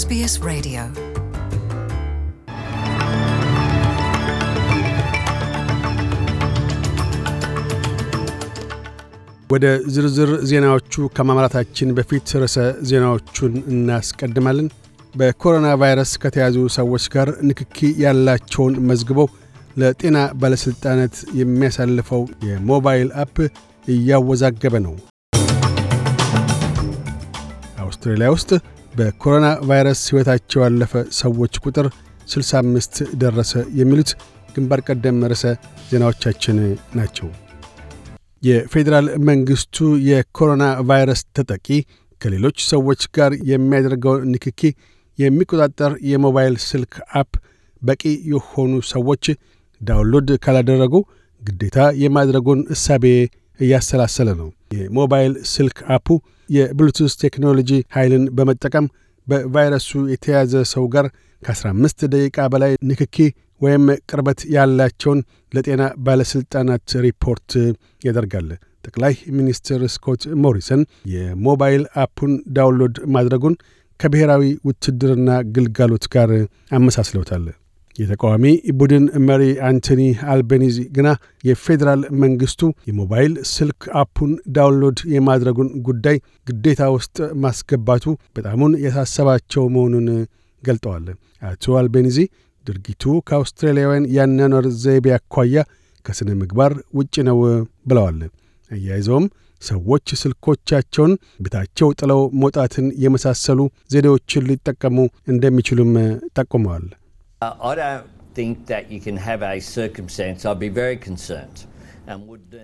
SBS Radio. ወደ ዝርዝር ዜናዎቹ ከማምራታችን በፊት ርዕሰ ዜናዎቹን እናስቀድማለን። በኮሮና ቫይረስ ከተያዙ ሰዎች ጋር ንክኪ ያላቸውን መዝግበው ለጤና ባለሥልጣናት የሚያሳልፈው የሞባይል አፕ እያወዛገበ ነው። አውስትራሊያ ውስጥ በኮሮና ቫይረስ ሕይወታቸው ያለፈ ሰዎች ቁጥር 65 ደረሰ። የሚሉት ግንባር ቀደም ርዕሰ ዜናዎቻችን ናቸው። የፌዴራል መንግሥቱ የኮሮና ቫይረስ ተጠቂ ከሌሎች ሰዎች ጋር የሚያደርገውን ንክኪ የሚቆጣጠር የሞባይል ስልክ አፕ በቂ የሆኑ ሰዎች ዳውንሎድ ካላደረጉ ግዴታ የማድረጉን እሳቤ እያሰላሰለ ነው። የሞባይል ስልክ አፑ የብሉቱስ ቴክኖሎጂ ኃይልን በመጠቀም በቫይረሱ የተያዘ ሰው ጋር ከ15 ደቂቃ በላይ ንክኪ ወይም ቅርበት ያላቸውን ለጤና ባለሥልጣናት ሪፖርት ያደርጋል። ጠቅላይ ሚኒስትር ስኮት ሞሪሰን የሞባይል አፑን ዳውንሎድ ማድረጉን ከብሔራዊ ውትድርና ግልጋሎት ጋር አመሳስለውታል። የተቃዋሚ ቡድን መሪ አንቶኒ አልቤኒዚ ግና የፌዴራል መንግስቱ የሞባይል ስልክ አፑን ዳውንሎድ የማድረጉን ጉዳይ ግዴታ ውስጥ ማስገባቱ በጣሙን ያሳሰባቸው መሆኑን ገልጠዋል። አቶ አልቤኒዚ ድርጊቱ ከአውስትራሊያውያን የአኗኗር ዘይቤ አኳያ ከሥነ ምግባር ውጭ ነው ብለዋል። አያይዘውም ሰዎች ስልኮቻቸውን ቤታቸው ጥለው መውጣትን የመሳሰሉ ዘዴዎችን ሊጠቀሙ እንደሚችሉም ጠቁመዋል። Uh,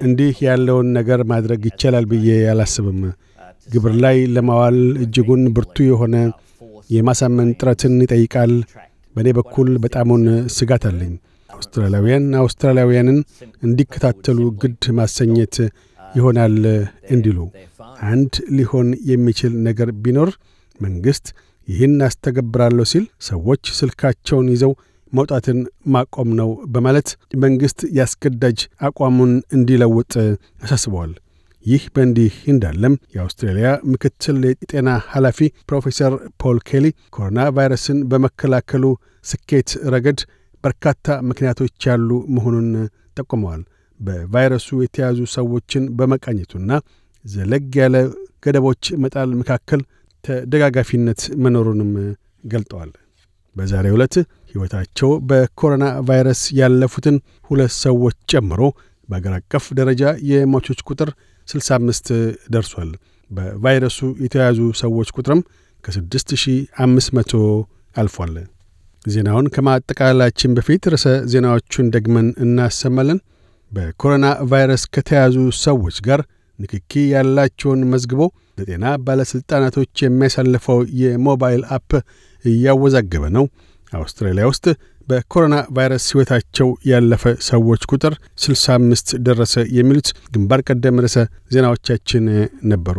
እንዲህ ያለውን ነገር ማድረግ ይቻላል ብዬ አላስብም። uh, ግብር ላይ ለማዋል እጅጉን ብርቱ የሆነ የማሳመን ጥረትን ይጠይቃል። በእኔ በኩል በጣሙን ስጋት አለኝ። አውስትራሊያውያን አውስትራሊያውያንን እንዲከታተሉ ግድ ማሰኘት uh, ይሆናል እንዲሉ አንድ ሊሆን የሚችል ነገር ቢኖር መንግሥት ይህን አስተገብራለሁ ሲል ሰዎች ስልካቸውን ይዘው መውጣትን ማቆም ነው በማለት መንግሥት ያስገዳጅ አቋሙን እንዲለውጥ አሳስበዋል። ይህ በእንዲህ እንዳለም የአውስትራሊያ ምክትል የጤና ኃላፊ ፕሮፌሰር ፖል ኬሊ ኮሮና ቫይረስን በመከላከሉ ስኬት ረገድ በርካታ ምክንያቶች ያሉ መሆኑን ጠቁመዋል። በቫይረሱ የተያዙ ሰዎችን በመቃኘቱና ዘለግ ያለ ገደቦች መጣል መካከል ተደጋጋፊነት መኖሩንም ገልጠዋል። በዛሬ ዕለት ሕይወታቸው በኮሮና ቫይረስ ያለፉትን ሁለት ሰዎች ጨምሮ በአገር አቀፍ ደረጃ የሟቾች ቁጥር 65 ደርሷል። በቫይረሱ የተያዙ ሰዎች ቁጥርም ከ6500 አልፏል። ዜናውን ከማጠቃላችን በፊት ርዕሰ ዜናዎቹን ደግመን እናሰማለን። በኮሮና ቫይረስ ከተያዙ ሰዎች ጋር ንክኪ ያላቸውን መዝግቦ ለጤና ባለሥልጣናቶች የሚያሳልፈው የሞባይል አፕ እያወዛገበ ነው። አውስትራሊያ ውስጥ በኮሮና ቫይረስ ሕይወታቸው ያለፈ ሰዎች ቁጥር 65 ደረሰ። የሚሉት ግንባር ቀደም ርዕሰ ዜናዎቻችን ነበሩ።